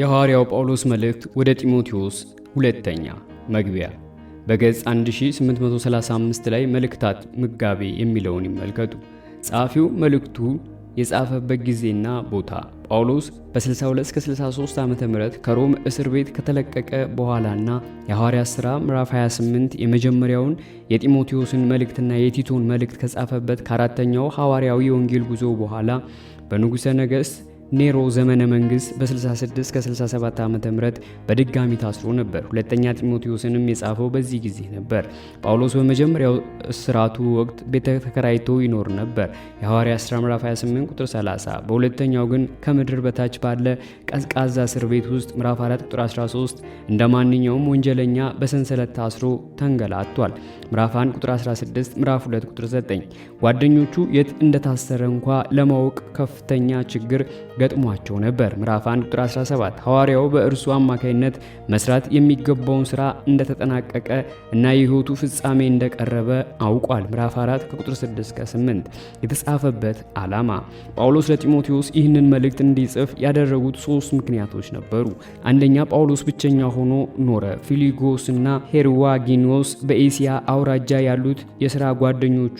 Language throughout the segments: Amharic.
የሐዋርያው ጳውሎስ መልእክት ወደ ጢሞቴዎስ ሁለተኛ መግቢያ በገጽ 1835 ላይ መልእክታት ምጋቤ የሚለውን ይመልከቱ። ጸሐፊው መልእክቱ የጻፈበት ጊዜና ቦታ ጳውሎስ በ62-63 ዓ ም ከሮም እስር ቤት ከተለቀቀ በኋላና የሐዋርያ ሥራ ምዕራፍ 28 የመጀመሪያውን የጢሞቴዎስን መልእክትና የቲቶን መልእክት ከጻፈበት ከአራተኛው ሐዋርያዊ የወንጌል ጉዞ በኋላ በንጉሠ ነገሥት ኔሮ ዘመነ መንግስት በ66 ከ67 ዓ ም በድጋሚ ታስሮ ነበር። ሁለተኛ ጢሞቴዎስንም የጻፈው በዚህ ጊዜ ነበር። ጳውሎስ በመጀመሪያው እስራቱ ወቅት ቤተ ተከራይቶ ይኖር ነበር የሐዋርያት ሥራ ምዕራፍ 28 ቁጥር 30። በሁለተኛው ግን ከምድር በታች ባለ ቀዝቃዛ እስር ቤት ውስጥ ምዕራፍ 4 ቁጥር 13 እንደ ማንኛውም ወንጀለኛ በሰንሰለት ታስሮ ተንገላቷል። ምዕራፍ 1 ቁጥር 16፣ ምዕራፍ 2 ቁጥር 9። ጓደኞቹ የት እንደታሰረ እንኳ ለማወቅ ከፍተኛ ችግር ገጥሟቸው ነበር። ምዕራፍ 1 ቁጥር 17 ሐዋርያው በእርሱ አማካይነት መስራት የሚገባውን ሥራ እንደተጠናቀቀ እና የሕይወቱ ፍጻሜ እንደቀረበ አውቋል። ምዕራፍ 4 ከቁጥር 6 እስከ 8 የተጻፈበት ዓላማ ጳውሎስ ለጢሞቴዎስ ይህንን መልእክት እንዲጽፍ ያደረጉት ሦስት ምክንያቶች ነበሩ። አንደኛ ጳውሎስ ብቸኛ ሆኖ ኖረ። ፊሊጎስና ሄርዋጊኖስ በኤስያ አውራጃ ያሉት የሥራ ጓደኞቹ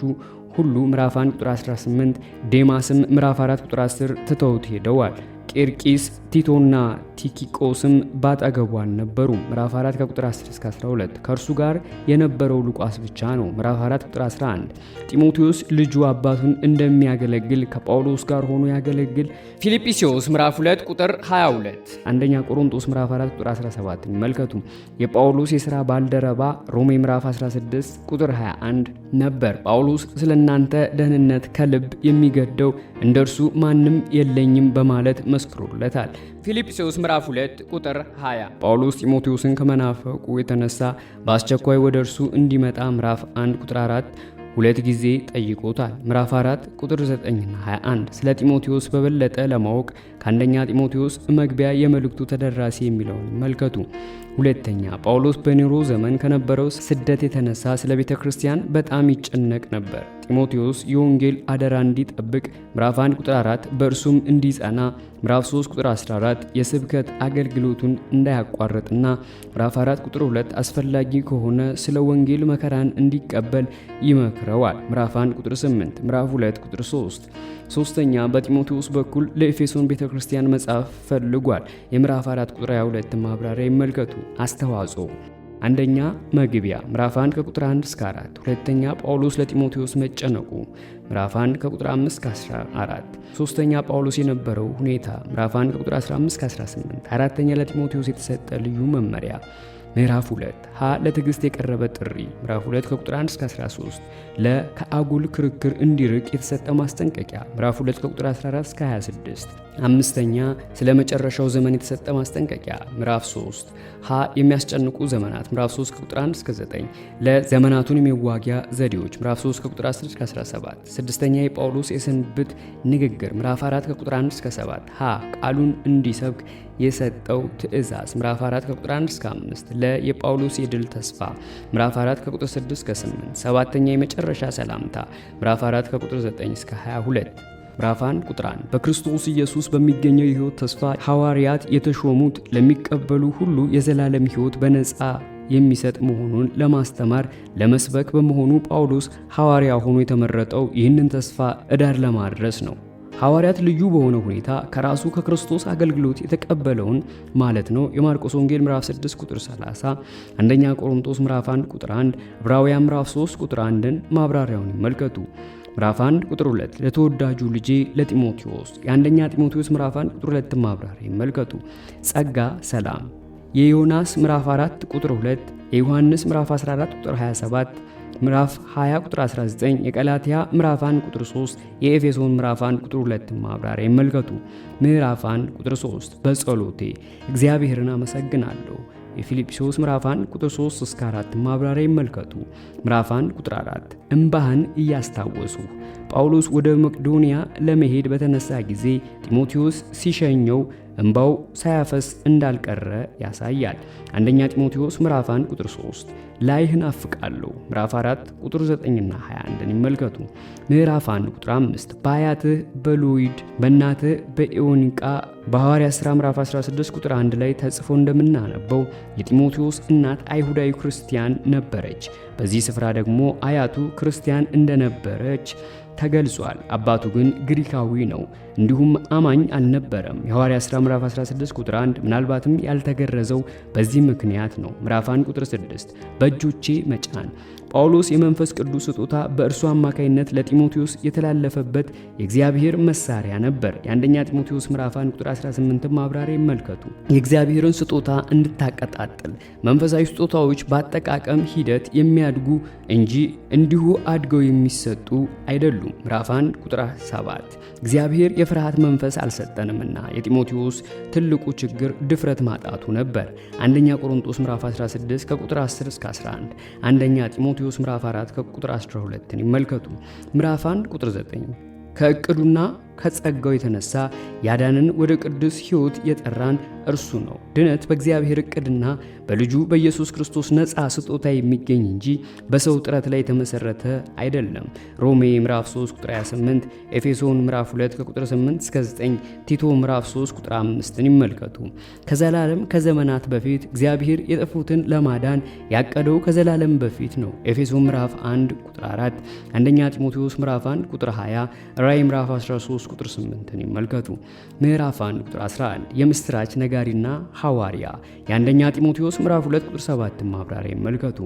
ሁሉ ምዕራፍ 1 ቁጥር 18፣ ዴማስም ምዕራፍ 4 ቁጥር 10 ትተውት ሄደዋል። ቄርቂስ ቲቶና ቲኪቆስም ባጠገቡ አልነበሩም። ምዕራፍ 4 ከቁጥር 10 እስከ 12። ከእርሱ ጋር የነበረው ሉቃስ ብቻ ነው። ምዕራፍ 4 ቁጥር 11። ጢሞቴዎስ ልጁ አባቱን እንደሚያገለግል ከጳውሎስ ጋር ሆኖ ያገለግል። ፊልጵስዩስ ምዕራፍ 2 ቁጥር 22። አንደኛ ቆሮንቶስ ምዕራፍ 4 ቁጥር 17 ይመልከቱ። የጳውሎስ የሥራ ባልደረባ ሮሜ ምዕራፍ 16 ቁጥር 21 ነበር። ጳውሎስ ስለ እናንተ ደህንነት ከልብ የሚገደው እንደ እርሱ ማንም የለኝም በማለት መስክሮለታል። ፊልጵስዩስ ምዕራፍ 2 ቁጥር 20 ጳውሎስ ጢሞቴዎስን ከመናፈቁ የተነሳ በአስቸኳይ ወደ እርሱ እንዲመጣ ምዕራፍ 1 ቁጥር 4 ሁለት ጊዜ ጠይቆታል። ምዕራፍ 4 ቁጥር 9ና 21 ስለ ጢሞቴዎስ በበለጠ ለማወቅ ከአንደኛ ጢሞቴዎስ መግቢያ የመልእክቱ ተደራሲ የሚለውን ይመልከቱ። ሁለተኛ ጳውሎስ በኔሮ ዘመን ከነበረው ስደት የተነሳ ስለ ቤተ ክርስቲያን በጣም ይጨነቅ ነበር። ጢሞቴዎስ የወንጌል አደራ እንዲጠብቅ ምዕራፍ 1 ቁጥር 4 በእርሱም እንዲጸና ምዕራፍ 3 ቁጥር 14 የስብከት አገልግሎቱን እንዳያቋርጥና ምዕራፍ 4 ቁጥር 2 አስፈላጊ ከሆነ ስለ ወንጌል መከራን እንዲቀበል ይመክረዋል። ምዕራፍ 1 ቁጥር 8 ምዕራፍ 2 ቁጥር 3 ሶስተኛ በጢሞቴዎስ በኩል ለኤፌሶን ቤተ ክርስቲያን መጽሐፍ ፈልጓል። የምዕራፍ 4 ቁጥር 22 ማብራሪያ ይመልከቱ። አስተዋጽኦ አንደኛ መግቢያ ምዕራፍ 1 ከቁጥር 1 እስከ 4፣ ሁለተኛ ጳውሎስ ለጢሞቴዎስ መጨነቁ ምዕራፍ 1 ከቁጥር 5 እስከ 14፣ ሶስተኛ ጳውሎስ የነበረው ሁኔታ ምዕራፍ 1 ከቁጥር 15 እስከ 18፣ አራተኛ ለጢሞቴዎስ የተሰጠ ልዩ መመሪያ ምዕራፍ 2 ሀ ለትዕግስት የቀረበ ጥሪ ምዕራፍ 2 ከቁጥር 1 እስከ 13 ለ ከአጉል ክርክር እንዲርቅ የተሰጠ ማስጠንቀቂያ ምዕራፍ 2 ከቁጥር 14 እስከ 26 አምስተኛ ስለ መጨረሻው ዘመን የተሰጠ ማስጠንቀቂያ ምዕራፍ 3 ሀ የሚያስጨንቁ ዘመናት ምዕራፍ 3 ከቁጥር 1 እስከ 9 ለ ዘመናቱን የመዋጊያ ዘዴዎች ምዕራፍ 3 ከቁጥር 10 እስከ 17 ስድስተኛ የጳውሎስ የሰንብት ንግግር ምዕራፍ 4 ከቁጥር 1 እስከ 7 ሀ ቃሉን እንዲሰብክ የሰጠው ትእዛዝ ምራፍ 4 ከቁጥር 1 እስከ 5 ለ የጳውሎስ የድል ተስፋ ምራፍ 4 ከቁጥር 6 እስከ 8 ሰባተኛ የመጨረሻ ሰላምታ ምራፍ 4 ከቁጥር 9 እስከ 22 ምዕራፍ 1 ቁጥር 1 በክርስቶስ ኢየሱስ በሚገኘው የሕይወት ተስፋ ሐዋርያት የተሾሙት ለሚቀበሉ ሁሉ የዘላለም ሕይወት በነፃ የሚሰጥ መሆኑን ለማስተማር ለመስበክ በመሆኑ ጳውሎስ ሐዋርያ ሆኖ የተመረጠው ይህንን ተስፋ እዳር ለማድረስ ነው። ሐዋርያት ልዩ በሆነ ሁኔታ ከራሱ ከክርስቶስ አገልግሎት የተቀበለውን ማለት ነው። የማርቆስ ወንጌል ምዕራፍ 6 ቁጥር 30፣ አንደኛ ቆሮንቶስ ምዕራፍ 1 ቁጥር 1፣ ዕብራውያን ምዕራፍ 3 ቁጥር 1ን ማብራሪያውን ይመልከቱ። ምዕራፍ 1 ቁጥር 2 ለተወዳጁ ልጄ ለጢሞቴዎስ የአንደኛ ጢሞቴዎስ ምዕራፍ 1 ቁጥር 2 ማብራሪያ ይመልከቱ። ጸጋ ሰላም የዮናስ ምዕራፍ 4 ቁጥር 2 የዮሐንስ ምዕራፍ 14 ቁጥር 27 ምዕራፍ 20 ቁጥር 19፣ የቀላትያ ምዕራፍ 1 ቁጥር 3፣ የኤፌሶን ምዕራፍ 1 ቁጥር 2 ማብራሪያ ይመልከቱ። ምዕራፍ 1 ቁጥር 3 በጸሎቴ እግዚአብሔርን አመሰግናለሁ። የፊልጵስዩስ ምዕራፍ 1 ቁጥር 3 እስከ 4 ማብራሪያ ይመልከቱ። ምዕራፍ 1 ቁጥር 4 እምባህን እያስታወሱ ጳውሎስ ወደ መቅዶንያ ለመሄድ በተነሳ ጊዜ ጢሞቴዎስ ሲሸኘው እንባው ሳያፈስ እንዳልቀረ ያሳያል። አንደኛ ጢሞቴዎስ ምዕራፍ 1 ቁጥር 3 ላይህን አፍቃለሁ። ምዕራፍ 4 ቁጥር 9ና 21ን ይመልከቱ። ምዕራፍ 1 ቁጥር 5 በአያትህ በሎይድ በእናትህ በኤዮኒቃ በሐዋርያ ሥራ ምዕራፍ 16 ቁጥር 1 ላይ ተጽፎ እንደምናነበው የጢሞቴዎስ እናት አይሁዳዊ ክርስቲያን ነበረች። በዚህ ስፍራ ደግሞ አያቱ ክርስቲያን እንደነበረች ተገልጿል። አባቱ ግን ግሪካዊ ነው፣ እንዲሁም አማኝ አልነበረም። የሐዋርያት ሥራ ምዕራፍ 16 ቁጥር 1 ምናልባትም ያልተገረዘው በዚህ ምክንያት ነው። ምዕራፍ 1 ቁጥር 6 በእጆቼ መጫን ጳውሎስ የመንፈስ ቅዱስ ስጦታ በእርሱ አማካይነት ለጢሞቴዎስ የተላለፈበት የእግዚአብሔር መሳሪያ ነበር። የአንደኛ ጢሞቴዎስ ምዕራፍ 1 ቁጥር 18 ማብራሪያ ይመልከቱ። የእግዚአብሔርን ስጦታ እንድታቀጣጥል መንፈሳዊ ስጦታዎች በአጠቃቀም ሂደት የሚያድጉ እንጂ እንዲሁ አድገው የሚሰጡ አይደሉም። ምዕራፍ 1 ቁጥር 7 እግዚአብሔር የፍርሃት መንፈስ አልሰጠንምና። የጢሞቴዎስ ትልቁ ችግር ድፍረት ማጣቱ ነበር። አንደኛ ቆሮንቶስ ምዕራፍ 16 ከቁጥር 10 እስከ 11 አንደኛ ጢሞቴዎስ ማቴዎስ ምራፍ 4 ከቁጥር 12ን ይመልከቱ። ምራፍ 1 ቁጥር 9 ከእቅዱና ከጸጋው የተነሳ ያዳንን ወደ ቅዱስ ሕይወት የጠራን እርሱ ነው። ድነት በእግዚአብሔር ዕቅድና በልጁ በኢየሱስ ክርስቶስ ነፃ ስጦታ የሚገኝ እንጂ በሰው ጥረት ላይ የተመሰረተ አይደለም። ሮሜ ምዕራፍ 3 ቁጥር 28፣ ኤፌሶን ምዕራፍ 2 ከቁጥር 8 እስከ 9፣ ቲቶ ምዕራፍ 3 ቁጥር 5ን ይመልከቱ። ከዘላለም ከዘመናት በፊት እግዚአብሔር የጠፉትን ለማዳን ያቀደው ከዘላለም በፊት ነው። ኤፌሶ ምዕራፍ 1 ቁጥር 4፣ አንደኛ ጢሞቴዎስ ምዕራፍ 1 ቁጥር 20፣ ራእይ ምዕራፍ 13 ቁጥር 8ን ይመልከቱ። ምዕራፍ 1 ቁጥር 11 የምስራች ነጋሪና ሐዋርያ የአንደኛ ጢሞቴዎስ ምዕራፍ 2 ቁጥር 7 ማብራሪያ ይመልከቱ።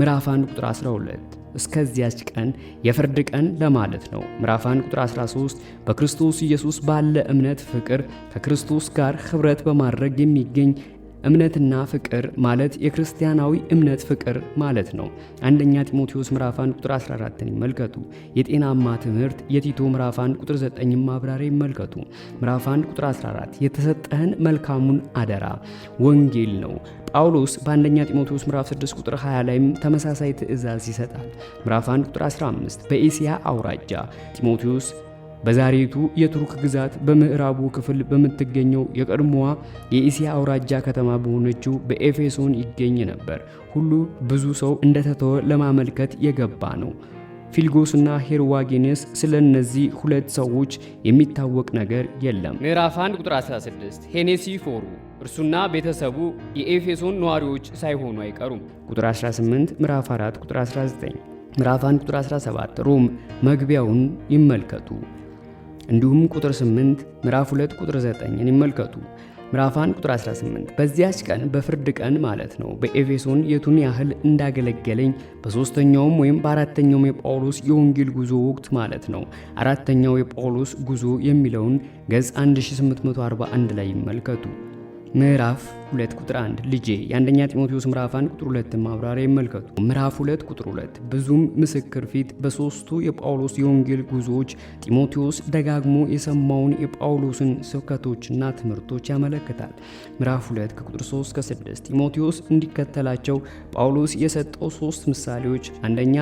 ምዕራፍ 1 ቁጥር 12 እስከዚያች ቀን የፍርድ ቀን ለማለት ነው። ምዕራፍ 1 ቁጥር 13 በክርስቶስ ኢየሱስ ባለ እምነት ፍቅር ከክርስቶስ ጋር ኅብረት በማድረግ የሚገኝ እምነትና ፍቅር ማለት የክርስቲያናዊ እምነት ፍቅር ማለት ነው። አንደኛ ጢሞቴዎስ ምዕራፍ 1 ቁጥር 14ን ይመልከቱ። የጤናማ ትምህርት የቲቶ ምዕራፍ 1 ቁጥር 9 ማብራሪያ ይመልከቱ። ምዕራፍ 1 ቁጥር 14 የተሰጠህን መልካሙን አደራ ወንጌል ነው። ጳውሎስ በአንደኛ ጢሞቴዎስ ምዕራፍ 6 ቁጥር 20 ላይም ተመሳሳይ ትእዛዝ ይሰጣል። ምዕራፍ 1 ቁጥር 15 በኤስያ አውራጃ ጢሞቴዎስ በዛሬቱ የቱርክ ግዛት በምዕራቡ ክፍል በምትገኘው የቀድሞዋ የእስያ አውራጃ ከተማ በሆነችው በኤፌሶን ይገኝ ነበር። ሁሉ ብዙ ሰው እንደተተወ ለማመልከት የገባ ነው። ፊልጎስና ሄርዋጌኔስ ስለ እነዚህ ሁለት ሰዎች የሚታወቅ ነገር የለም። ምዕራፍ 1 ቁጥር 16 ፎሩ እርሱና ቤተሰቡ የኤፌሶን ነዋሪዎች ሳይሆኑ አይቀሩም። ቁጥር 18 ምዕራፍ 4 ቁጥር 19 ምዕራፍ 1 ቁጥር 17 ሮም መግቢያውን ይመልከቱ። እንዲሁም ቁጥር 8 ምዕራፍ 2 ቁጥር 9ን ይመልከቱ። ምዕራፍ 1 ቁጥር 18 በዚያች ቀን በፍርድ ቀን ማለት ነው በኤፌሶን የቱን ያህል እንዳገለገለኝ በሦስተኛውም ወይም በአራተኛውም የጳውሎስ የወንጌል ጉዞ ወቅት ማለት ነው አራተኛው የጳውሎስ ጉዞ የሚለውን ገጽ 1841 ላይ ይመልከቱ። ምዕራፍ 2 ቁጥር 1 ልጄ የአንደኛ ጢሞቴዎስ ምዕራፍ 1 ቁጥር 2 ማብራሪያ ይመልከቱ። ምዕራፍ 2 ቁጥር 2 ብዙም ምስክር ፊት በሶስቱ የጳውሎስ የወንጌል ጉዞዎች ጢሞቴዎስ ደጋግሞ የሰማውን የጳውሎስን ስብከቶችና ትምህርቶች ያመለክታል። ምዕራፍ 2 ከቁጥር 3 ከ6 ጢሞቴዎስ እንዲከተላቸው ጳውሎስ የሰጠው ሶስት ምሳሌዎች፣ አንደኛ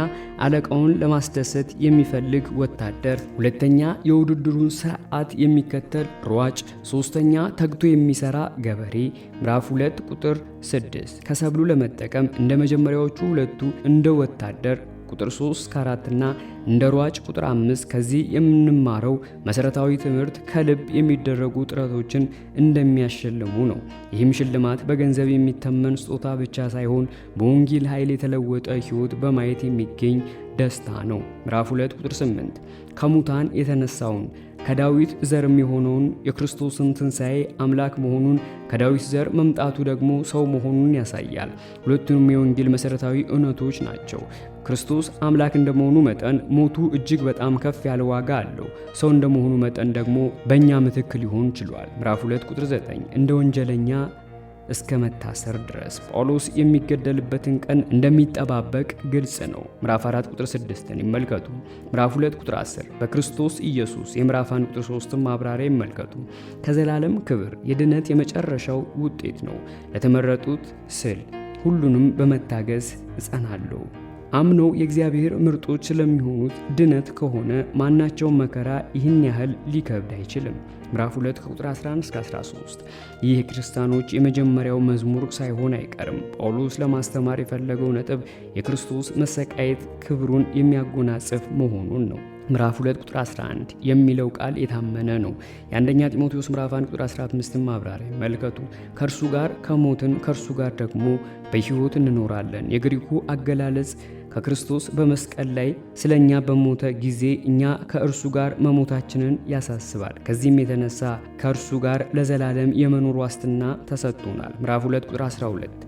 አለቃውን ለማስደሰት የሚፈልግ ወታደር፣ ሁለተኛ የውድድሩን ስርዓት የሚከተል ሯጭ፣ ሶስተኛ ተግቶ የሚሰራ ገበሬ። ምዕራፍ 2 ቁጥር 6 ከሰብሉ ለመጠቀም እንደ መጀመሪያዎቹ ሁለቱ እንደ ወታደር ቁጥር 3 ከ4 እና እንደ ሯጭ ቁጥር 5 ከዚህ የምንማረው መሰረታዊ ትምህርት ከልብ የሚደረጉ ጥረቶችን እንደሚያሸልሙ ነው። ይህም ሽልማት በገንዘብ የሚተመን ስጦታ ብቻ ሳይሆን በወንጌል ኃይል የተለወጠ ሕይወት በማየት የሚገኝ ደስታ ነው። ምዕራፍ 2 ቁጥር 8 ከሙታን የተነሳውን ከዳዊት ዘርም የሆነውን የክርስቶስን ትንሣኤ አምላክ መሆኑን ከዳዊት ዘር መምጣቱ ደግሞ ሰው መሆኑን ያሳያል። ሁለቱንም የወንጌል መሠረታዊ እውነቶች ናቸው። ክርስቶስ አምላክ እንደመሆኑ መጠን ሞቱ እጅግ በጣም ከፍ ያለ ዋጋ አለው። ሰው እንደመሆኑ መጠን ደግሞ በእኛ ምትክ ሊሆን ችሏል። ምዕራፍ 2 ቁጥር 9 እንደ ወንጀለኛ እስከ መታሰር ድረስ ጳውሎስ የሚገደልበትን ቀን እንደሚጠባበቅ ግልጽ ነው። ምራፍ 4 ቁጥር 6ን ይመልከቱ። ምራፍ 2 ቁጥር 10 በክርስቶስ ኢየሱስ የምዕራፍ 1 ቁጥር 3ን ማብራሪያ ይመልከቱ። ከዘላለም ክብር የድነት የመጨረሻው ውጤት ነው። ለተመረጡት ስል ሁሉንም በመታገዝ እጸናለሁ። አምነው የእግዚአብሔር ምርጦች ስለሚሆኑት ድነት ከሆነ ማናቸውም መከራ ይህን ያህል ሊከብድ አይችልም። ምዕራፍ 2 ቁጥር 11 እስከ 13። ይህ የክርስቲያኖች የመጀመሪያው መዝሙር ሳይሆን አይቀርም። ጳውሎስ ለማስተማር የፈለገው ነጥብ የክርስቶስ መሰቃየት ክብሩን የሚያጎናጽፍ መሆኑን ነው። ምዕራፍ 2 ቁጥር 11 የሚለው ቃል የታመነ ነው። የአንደኛ ጢሞቴዎስ ምዕራፍ 1 ቁጥር 15 ማብራሪያ መልከቱ ከእርሱ ጋር ከሞትን ከእርሱ ጋር ደግሞ በሕይወት እንኖራለን። የግሪኩ አገላለጽ ከክርስቶስ በመስቀል ላይ ስለ እኛ በሞተ ጊዜ እኛ ከእርሱ ጋር መሞታችንን ያሳስባል። ከዚህም የተነሳ ከእርሱ ጋር ለዘላለም የመኖር ዋስትና ተሰጥቶናል። ምዕራፍ 2 ቁጥር 12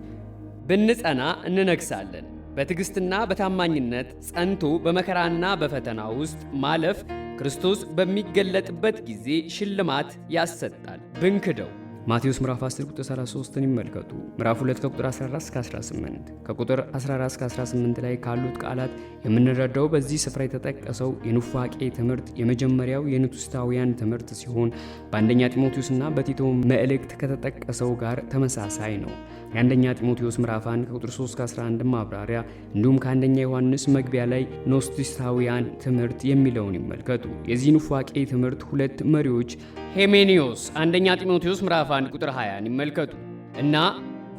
ብንጸና እንነግሳለን በትዕግሥትና በታማኝነት ጸንቶ በመከራና በፈተና ውስጥ ማለፍ ክርስቶስ በሚገለጥበት ጊዜ ሽልማት ያሰጣል። ብንክደው ማቴዎስ ምዕራፍ 10 ቁጥር 33ን ይመልከቱ። ምዕራፍ 2 ከቁጥር 14 እስከ 18 ከቁጥር 14 እስከ 18 ላይ ካሉት ቃላት የምንረዳው በዚህ ስፍራ የተጠቀሰው የኑፋቄ ትምህርት የመጀመሪያው የንቱስታውያን ትምህርት ሲሆን በአንደኛ ጢሞቴዎስና በቲቶ መልእክት ከተጠቀሰው ጋር ተመሳሳይ ነው። የአንደኛ ጢሞቴዎስ ምዕራፍ 1 ከቁጥር 3 እስከ 11 ማብራሪያ እንዲሁም ከአንደኛ ዮሐንስ መግቢያ ላይ ኖስቲሳውያን ትምህርት የሚለውን ይመልከቱ። የዚህ ኑፋቄ ትምህርት ሁለት መሪዎች ሄሜኒዮስ አንደኛ ጢሞቴዎስ ምዕራፍ 1 ቁጥር 20 ይመልከቱ እና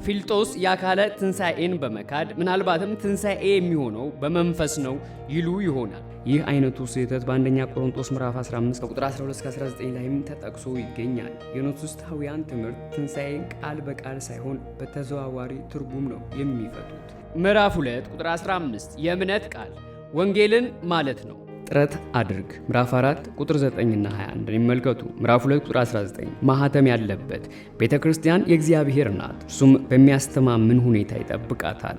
ፊልጦስ የአካለ ትንሣኤን በመካድ ምናልባትም ትንሣኤ የሚሆነው በመንፈስ ነው ይሉ ይሆናል። ይህ አይነቱ ስህተት በአንደኛ ቆሮንቶስ ምዕራፍ 15 ቁጥር 12-19 ላይም ተጠቅሶ ይገኛል። የኖቱስታውያን ትምህርት ትንሣኤን ቃል በቃል ሳይሆን በተዘዋዋሪ ትርጉም ነው የሚፈቱት። ምዕራፍ 2 ቁጥር 15 የእምነት ቃል ወንጌልን ማለት ነው። ጥረት አድርግ ምዕራፍ 4 ቁጥር 9 እና 21 ይመልከቱ። ምዕራፍ 2 ቁጥር 19 ማህተም ያለበት ቤተ ክርስቲያን የእግዚአብሔር ናት፣ እርሱም በሚያስተማምን ሁኔታ ይጠብቃታል።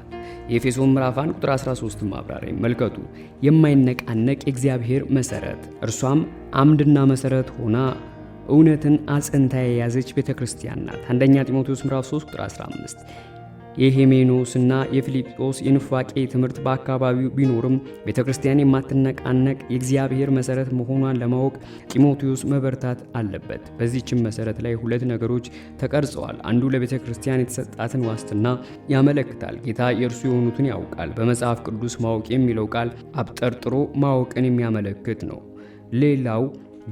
የኤፌሶን ምዕራፍ 1 ቁጥር 13 ማብራሪያ ይመልከቱ። የማይነቃነቅ የእግዚአብሔር መሰረት እርሷም አምድና መሰረት ሆና እውነትን አጽንታ የያዘች ቤተ ክርስቲያን ናት። አንደኛ ጢሞቴዎስ ምዕራፍ 3 ቁጥር 15 የሄሜኖስና የፊልጶስ የኑፋቄ ትምህርት በአካባቢው ቢኖርም ቤተ ክርስቲያን የማትነቃነቅ የእግዚአብሔር መሰረት መሆኗን ለማወቅ ጢሞቴዎስ መበርታት አለበት። በዚችም መሰረት ላይ ሁለት ነገሮች ተቀርጸዋል። አንዱ ለቤተ ክርስቲያን የተሰጣትን ዋስትና ያመለክታል። ጌታ የእርሱ የሆኑትን ያውቃል። በመጽሐፍ ቅዱስ ማወቅ የሚለው ቃል አብጠርጥሮ ማወቅን የሚያመለክት ነው። ሌላው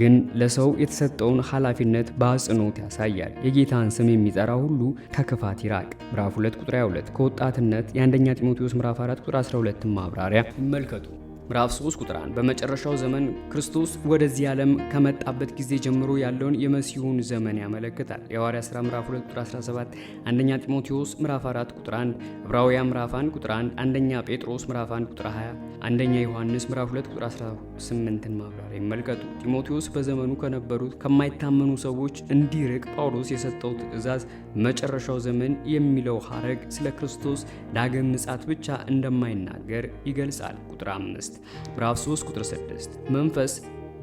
ግን ለሰው የተሰጠውን ኃላፊነት በአጽንኦት ያሳያል። የጌታን ስም የሚጠራ ሁሉ ከክፋት ይራቅ። ምዕራፍ 2 ቁጥር 22 ከወጣትነት የአንደኛ ጢሞቴዎስ ምዕራፍ 4 ቁጥር 12 ማብራሪያ ይመልከቱ። ምዕራፍ 3 ቁጥር 1 በመጨረሻው ዘመን ክርስቶስ ወደዚህ ዓለም ከመጣበት ጊዜ ጀምሮ ያለውን የመሲሁን ዘመን ያመለክታል። የሐዋርያት ሥራ ምዕራፍ 2 ቁጥር 17፣ አንደኛ ጢሞቴዎስ ምዕራፍ 4 ቁጥር 1፣ ዕብራውያን ምዕራፍ 1 ቁጥር 1፣ አንደኛ ጴጥሮስ ምዕራፍ 1 ቁጥር 20፣ አንደኛ ዮሐንስ ምዕራፍ 2 ቁጥር 18ን ማብራሪያ ይመልከቱ። ጢሞቴዎስ በዘመኑ ከነበሩት ከማይታመኑ ሰዎች እንዲርቅ ጳውሎስ የሰጠው ትእዛዝ መጨረሻው ዘመን የሚለው ሐረግ ስለ ክርስቶስ ዳግም ምጻት ብቻ እንደማይናገር ይገልጻል። ቁጥር 5 ምዕራፍ 3 ቁጥር 6 መንፈስ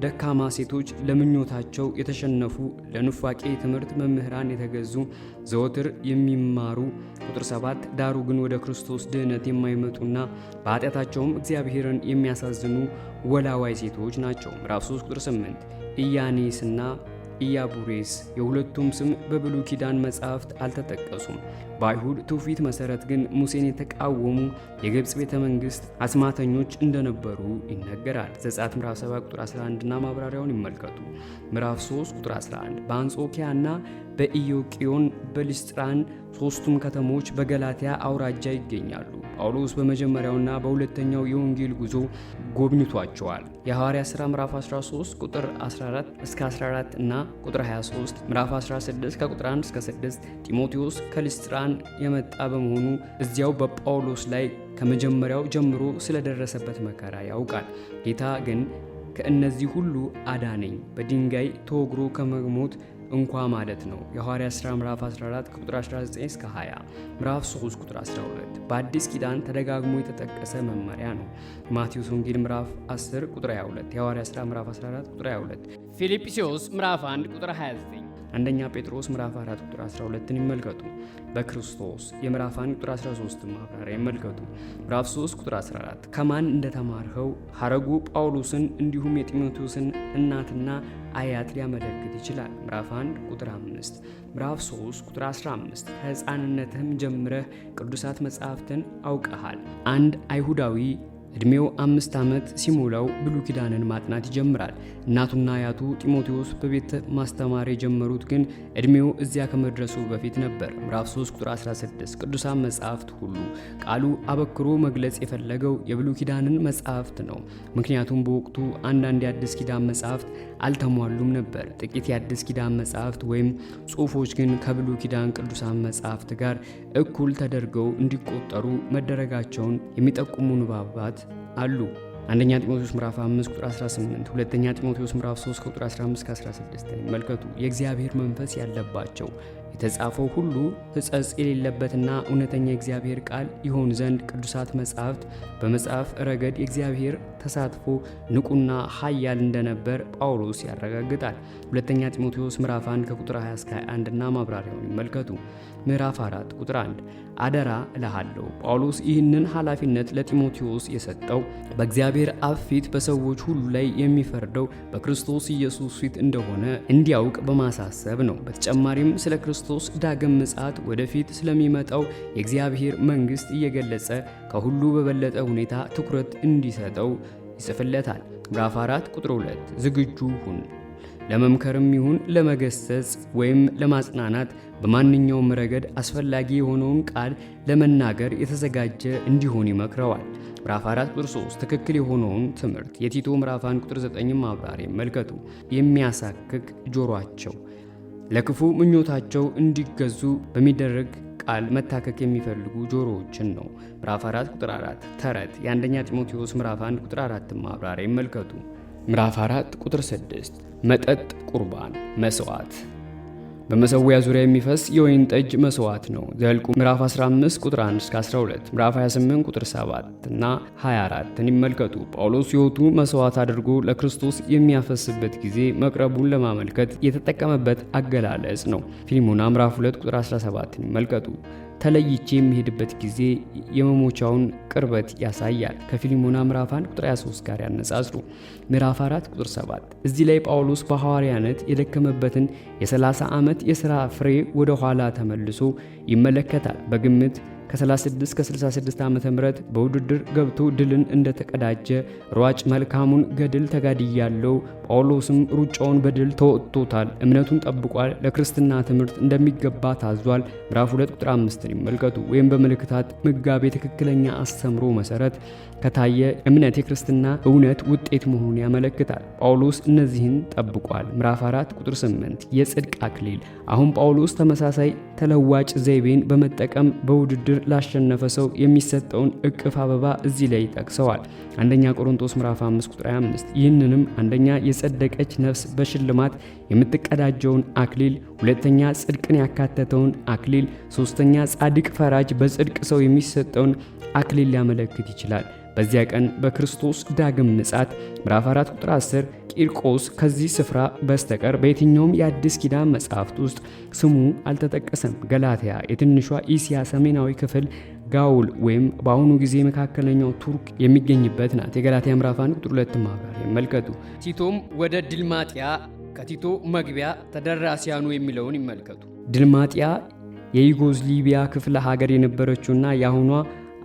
ደካማ ሴቶች ለምኞታቸው የተሸነፉ ለኑፋቄ ትምህርት መምህራን የተገዙ ዘወትር የሚማሩ ቁጥር 7 ዳሩ ግን ወደ ክርስቶስ ድህነት የማይመጡና በኃጢአታቸውም እግዚአብሔርን የሚያሳዝኑ ወላዋይ ሴቶች ናቸው ምዕራፍ 3 ቁጥር 8 ኢያኔስና ኢያቡሬስ። የሁለቱም ስም በብሉ ኪዳን መጻሕፍት አልተጠቀሱም። በአይሁድ ትውፊት መሠረት ግን ሙሴን የተቃወሙ የግብፅ ቤተ መንግሥት አስማተኞች እንደነበሩ ይነገራል። ዘጸአት ምዕራፍ 7 ቁጥር 11 እና ማብራሪያውን ይመልከቱ። ምዕራፍ 3 ቁጥር 11 በአንጾኪያና በኢዮቅዮን በሊስጥራን ሦስቱም ከተሞች በገላትያ አውራጃ ይገኛሉ። ጳውሎስ በመጀመሪያውና በሁለተኛው የወንጌል ጉዞ ጎብኝቷቸዋል። የሐዋርያ ሥራ ምዕራፍ 13 ቁጥር 14 እስከ 14 እና ቁጥር 23፣ ምዕራፍ 16 ከቁጥር 1 እስከ 6። ጢሞቴዎስ ከሊስጥራን የመጣ በመሆኑ እዚያው በጳውሎስ ላይ ከመጀመሪያው ጀምሮ ስለደረሰበት መከራ ያውቃል። ጌታ ግን ከእነዚህ ሁሉ አዳነኝ፣ በድንጋይ ተወግሮ ከመሞት እንኳ ማለት ነው። የሐዋርያ ሥራ ምዕራፍ 14 ቁጥር 19 እስከ 20፣ ምዕራፍ 3 ቁጥር 12 በአዲስ ኪዳን ተደጋግሞ የተጠቀሰ መመሪያ ነው። ማቴዎስ ወንጌል ምዕራፍ 10 ቁጥር 22፣ የሐዋርያ ሥራ ምዕራፍ 14 ቁጥር 22፣ ፊልጵስዩስ ምዕራፍ 1 ቁጥር 29 አንደኛ ጴጥሮስ ምዕራፍ 4 ቁጥር 12ን ይመልከቱ። በክርስቶስ የምዕራፍ 1 ቁጥር 13 ማብራሪያ ይመልከቱ። ምዕራፍ 3 ቁጥር 14 ከማን እንደተማርኸው ሐረጉ ጳውሎስን እንዲሁም የጢሞቴዎስን እናትና አያት ሊያመለክት ይችላል። ምዕራፍ 1 ቁጥር 5 ምዕራፍ 3 ቁጥር 15 ከሕፃንነትህም ጀምረህ ቅዱሳት መጻሕፍትን አውቀሃል። አንድ አይሁዳዊ ዕድሜው አምስት ዓመት ሲሞላው ብሉይ ኪዳንን ማጥናት ይጀምራል። እናቱና አያቱ ጢሞቴዎስ በቤተ ማስተማር የጀመሩት ግን ዕድሜው እዚያ ከመድረሱ በፊት ነበር። ምዕራፍ 3 ቁጥር 16 ቅዱሳን መጻሕፍት ሁሉ ቃሉ አበክሮ መግለጽ የፈለገው የብሉይ ኪዳንን መጻሕፍት ነው። ምክንያቱም በወቅቱ አንዳንድ የአዲስ ኪዳን መጻሕፍት አልተሟሉም ነበር። ጥቂት የአዲስ ኪዳን መጻሕፍት ወይም ጽሑፎች ግን ከብሉይ ኪዳን ቅዱሳን መጻሕፍት ጋር እኩል ተደርገው እንዲቆጠሩ መደረጋቸውን የሚጠቁሙ ንባባት አሉ። አንደኛ ጢሞቴዎስ ምዕራፍ 5 ቁጥር 18፣ ሁለተኛ ጢሞቴዎስ ምዕራፍ 3 ቁጥር 15 እስከ 16 መልከቱ የእግዚአብሔር መንፈስ ያለባቸው የተጻፈው ሁሉ ሕጸጽ የሌለበትና እውነተኛ የእግዚአብሔር ቃል ይሆን ዘንድ ቅዱሳት መጻሕፍት በመጽሐፍ ረገድ የእግዚአብሔር ተሳትፎ ንቁና ኃያል እንደነበር ጳውሎስ ያረጋግጣል። ሁለተኛ ጢሞቴዎስ ምዕራፍ 1 ከቁጥር 20 እስከ 21 እና ማብራሪያውን ይመልከቱ። ምዕራፍ 4 ቁጥር 1 አደራ እልሃለሁ። ጳውሎስ ይህንን ኃላፊነት ለጢሞቴዎስ የሰጠው በእግዚአብሔር አብ ፊት በሰዎች ሁሉ ላይ የሚፈርደው በክርስቶስ ኢየሱስ ፊት እንደሆነ እንዲያውቅ በማሳሰብ ነው። በተጨማሪም ስለ ክርስቶስ ክርስቶስ ዳግም ምጽአት ወደፊት ስለሚመጣው የእግዚአብሔር መንግሥት እየገለጸ ከሁሉ በበለጠ ሁኔታ ትኩረት እንዲሰጠው ይጽፍለታል። ምዕራፍ 4 ቁጥር 2 ዝግጁ ሁን ለመምከርም ይሁን ለመገሰጽ ወይም ለማጽናናት በማንኛውም ረገድ አስፈላጊ የሆነውን ቃል ለመናገር የተዘጋጀ እንዲሆን ይመክረዋል። ምዕራፍ 4 ቁጥር 3 ትክክል የሆነውን ትምህርት የቲቶ ምዕራፍ 1 ቁጥር 9 ማብራሪያ መልከቱ የሚያሳክክ ጆሮአቸው ለክፉ ምኞታቸው እንዲገዙ በሚደረግ ቃል መታከክ የሚፈልጉ ጆሮዎችን ነው። ምራፍ 4 ቁጥር 4 ተረት የአንደኛ ጢሞቴዎስ ምዕራፍ 1 ቁጥር 4 ማብራሪያ ይመልከቱ። ምራፍ 4 ቁጥር 6 መጠጥ፣ ቁርባን፣ መስዋዕት በመሰዊያ ዙሪያ የሚፈስ የወይን ጠጅ መስዋዕት ነው። ዘኍልቍ ምዕራፍ 15 ቁጥር 1 እስከ 12 ምዕራፍ 28 ቁጥር 7 እና 24ን ይመልከቱ። ጳውሎስ ሕይወቱ መስዋዕት አድርጎ ለክርስቶስ የሚያፈስበት ጊዜ መቅረቡን ለማመልከት የተጠቀመበት አገላለጽ ነው። ፊልሞና ምዕራፍ 2 ቁጥር 17ን ይመልከቱ። ተለይቼ የሚሄድበት ጊዜ የመሞቻውን ቅርበት ያሳያል። ከፊልሞና ምዕራፍ 1 ቁጥር 23 ጋር ያነጻጽሩ። ምዕራፍ 4 ቁጥር 7 እዚህ ላይ ጳውሎስ በሐዋርያነት የደከመበትን የ30 ዓመት የሥራ ፍሬ ወደ ኋላ ተመልሶ ይመለከታል። በግምት ከ36 እስከ 66 ም በውድድር ገብቶ ድልን እንደተቀዳጀ ሯጭ መልካሙን ገድል ተጋድያለው፣ ጳውሎስም ሩጫውን በድል ተወጥቶታል፣ እምነቱን ጠብቋል፣ ለክርስትና ትምህርት እንደሚገባ ታዟል። ምዕራፍ 2 ቁጥር 5 ይመልከቱ። ወይም በምልክታት ምጋቤ ትክክለኛ አስተምሮ መሰረት ከታየ እምነት የክርስትና እውነት ውጤት መሆኑን ያመለክታል። ጳውሎስ እነዚህን ጠብቋል። ምዕራፍ 4 ቁጥር 8 የጽድቅ አክሊል። አሁን ጳውሎስ ተመሳሳይ ተለዋጭ ዘይቤን በመጠቀም በውድድር እግዚአብሔር ላሸነፈ ሰው የሚሰጠውን እቅፍ አበባ እዚህ ላይ ይጠቅሰዋል። አንደኛ ቆሮንቶስ ምዕራፍ 5 ቁጥር 25 ይህንንም አንደኛ የጸደቀች ነፍስ በሽልማት የምትቀዳጀውን አክሊል፣ ሁለተኛ ጽድቅን ያካተተውን አክሊል፣ ሶስተኛ ጻድቅ ፈራጅ በጽድቅ ሰው የሚሰጠውን አክሊል ሊያመለክት ይችላል። በዚያ ቀን በክርስቶስ ዳግም ምጻት ምዕራፍ 4 ቁጥር 10 ቂርቆስ ከዚህ ስፍራ በስተቀር በየትኛውም የአዲስ ኪዳን መጽሐፍት ውስጥ ስሙ አልተጠቀሰም። ገላትያ፣ የትንሿ ኢስያ ሰሜናዊ ክፍል ጋውል ወይም በአሁኑ ጊዜ መካከለኛው ቱርክ የሚገኝበት ናት። የገላትያ ምዕራፍ 1 ቁጥር 2 ማብራሪያ ይመልከቱ። ቲቶም ወደ ድልማጥያ ከቲቶ መግቢያ ተደራሲያኑ የሚለውን ይመልከቱ። ድልማጥያ የዩጎዝላቪያ ክፍለ ሀገር የነበረችውና የአሁኗ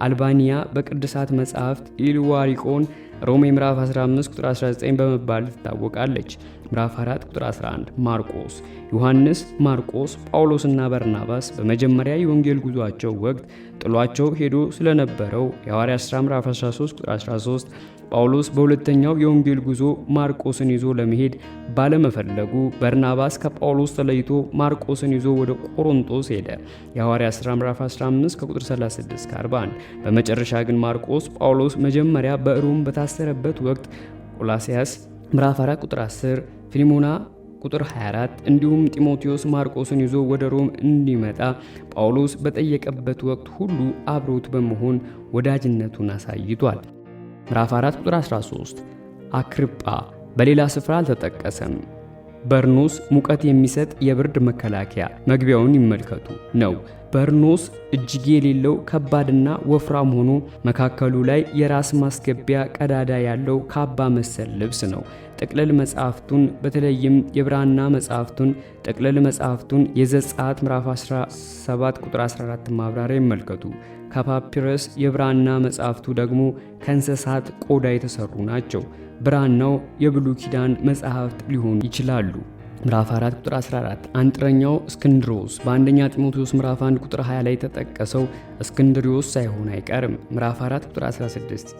አልባኒያ በቅዱሳት መጻሕፍት ኢልዋሪቆን ሮሜ ምዕራፍ 15 ቁጥር 19 በመባል ትታወቃለች። ምዕራፍ 4 ቁጥር 11 ማርቆስ፣ ዮሐንስ፣ ማርቆስ፣ ጳውሎስና በርናባስ በመጀመሪያ የወንጌል ጉዟቸው ወቅት ጥሏቸው ሄዶ ስለነበረው የሐዋርያት ሥራ ምዕራፍ 13 ቁጥር 13 ጳውሎስ በሁለተኛው የወንጌል ጉዞ ማርቆስን ይዞ ለመሄድ ባለመፈለጉ በርናባስ ከጳውሎስ ተለይቶ ማርቆስን ይዞ ወደ ቆሮንጦስ ሄደ። የሐዋርያት ሥራ ምዕራፍ 15 ከቁጥር 36 41። በመጨረሻ ግን ማርቆስ ጳውሎስ መጀመሪያ በሮም በታሰረበት ወቅት ቆላሲያስ ምዕራፍ 4 ቁጥር 10፣ ፊልሞና ቁጥር 24 እንዲሁም ጢሞቴዎስ ማርቆስን ይዞ ወደ ሮም እንዲመጣ ጳውሎስ በጠየቀበት ወቅት ሁሉ አብሮት በመሆን ወዳጅነቱን አሳይቷል። ምዕራፍ 4 ቁጥር 13 አክርጳ በሌላ ስፍራ አልተጠቀሰም። በርኖስ ሙቀት የሚሰጥ የብርድ መከላከያ መግቢያውን ይመልከቱ ነው። በርኖስ እጅጌ የሌለው ከባድና ወፍራም ሆኖ መካከሉ ላይ የራስ ማስገቢያ ቀዳዳ ያለው ካባ መሰል ልብስ ነው። ጥቅልል መጽሐፍቱን በተለይም የብራና መጽሐፍቱን ጥቅልል መጽሐፍቱን የዘጸአት ምዕራፍ 17 ቁጥር 14 ማብራሪያ ይመልከቱ። ከፓፒረስ የብራና መጻሕፍቱ ደግሞ ከእንስሳት ቆዳ የተሰሩ ናቸው። ብራናው የብሉይ ኪዳን መጻሕፍት ሊሆኑ ይችላሉ። ምዕራፍ 4 ቁጥር 14 አንጥረኛው እስክንድሮስ በአንደኛ ጢሞቴዎስ ምዕራፍ 1 ቁጥር 20 ላይ የተጠቀሰው እስክንድሪዎስ ሳይሆን አይቀርም። ምዕራፍ 4 ቁጥር 16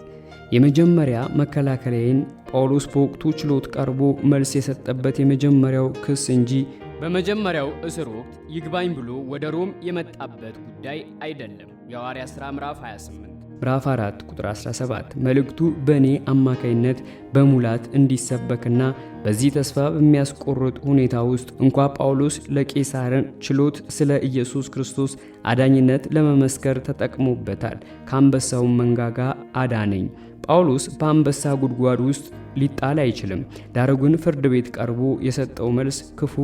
የመጀመሪያ መከላከያዬን ጳውሎስ በወቅቱ ችሎት ቀርቦ መልስ የሰጠበት የመጀመሪያው ክስ እንጂ በመጀመሪያው እስር ወቅት ይግባኝ ብሎ ወደ ሮም የመጣበት ጉዳይ አይደለም። የሐዋርያት ሥራ ምዕራፍ 28 ምዕራፍ 4 ቁጥር 17 መልእክቱ በእኔ አማካይነት በሙላት እንዲሰበክና በዚህ ተስፋ በሚያስቆርጥ ሁኔታ ውስጥ እንኳ ጳውሎስ ለቄሳርን ችሎት ስለ ኢየሱስ ክርስቶስ አዳኝነት ለመመስከር ተጠቅሞበታል። ከአንበሳውን መንጋጋ አዳነኝ ጳውሎስ በአንበሳ ጉድጓድ ውስጥ ሊጣል አይችልም። ዳሩ ግን ፍርድ ቤት ቀርቦ የሰጠው መልስ ክፉ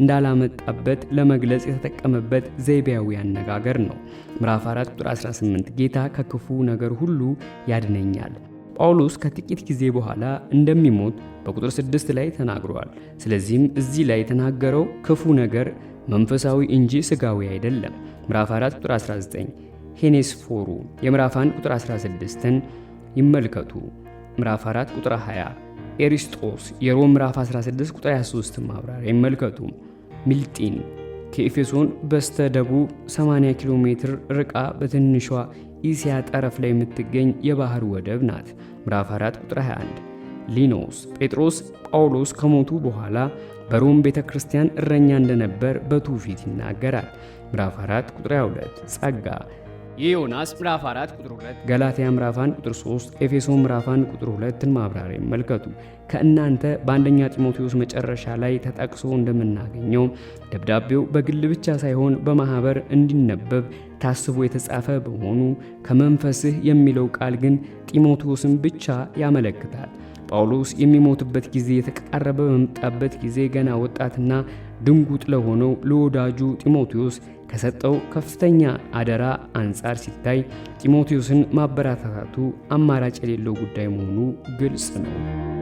እንዳላመጣበት ለመግለጽ የተጠቀመበት ዘይቤያዊ አነጋገር ነው። ምዕራፍ 4 ቁጥር 18 ጌታ ከክፉ ነገር ሁሉ ያድነኛል። ጳውሎስ ከጥቂት ጊዜ በኋላ እንደሚሞት በቁጥር 6 ላይ ተናግሯል። ስለዚህም እዚህ ላይ የተናገረው ክፉ ነገር መንፈሳዊ እንጂ ስጋዊ አይደለም። ምዕራፍ 4 ቁጥር 19 ሄኔስፎሩ የምዕራፍ 1 ቁጥር 16ን ይመልከቱ። ምዕራፍ 4 ቁጥር 20 ኤሪስጦስ የሮም ምራፍ 16 ቁጥር 23 ማብራሪያ ይመልከቱ። ሚልጢን ከኤፌሶን በስተ ደቡብ 80 ኪሎ ሜትር ርቃ በትንሿ ኢስያ ጠረፍ ላይ የምትገኝ የባህር ወደብ ናት። ምዕራፍ 4 ቁጥር 21 ሊኖስ ጴጥሮስ ጳውሎስ ከሞቱ በኋላ በሮም ቤተ ክርስቲያን እረኛ እንደነበር በትውፊት ይናገራል። ምራፍ 4 ቁጥር 22 ጸጋ የዮናስ ምዕራፍ 4 ቁጥር 2፣ ገላትያ ምዕራፍ 1 ቁጥር 3፣ ኤፌሶን ምዕራፍ 1 ቁጥር 2ን ማብራሪያ ይመልከቱ። ከእናንተ በአንደኛ ጢሞቴዎስ መጨረሻ ላይ ተጠቅሶ እንደምናገኘው ደብዳቤው በግል ብቻ ሳይሆን በማኅበር እንዲነበብ ታስቦ የተጻፈ በመሆኑ ከመንፈስህ የሚለው ቃል ግን ጢሞቴዎስን ብቻ ያመለክታል። ጳውሎስ የሚሞትበት ጊዜ የተቃረበ በመምጣበት ጊዜ ገና ወጣትና ድንጉጥ ለሆነው ለወዳጁ ጢሞቴዎስ ከሰጠው ከፍተኛ አደራ አንጻር ሲታይ ጢሞቴዎስን ማበረታታቱ አማራጭ የሌለው ጉዳይ መሆኑ ግልጽ ነው።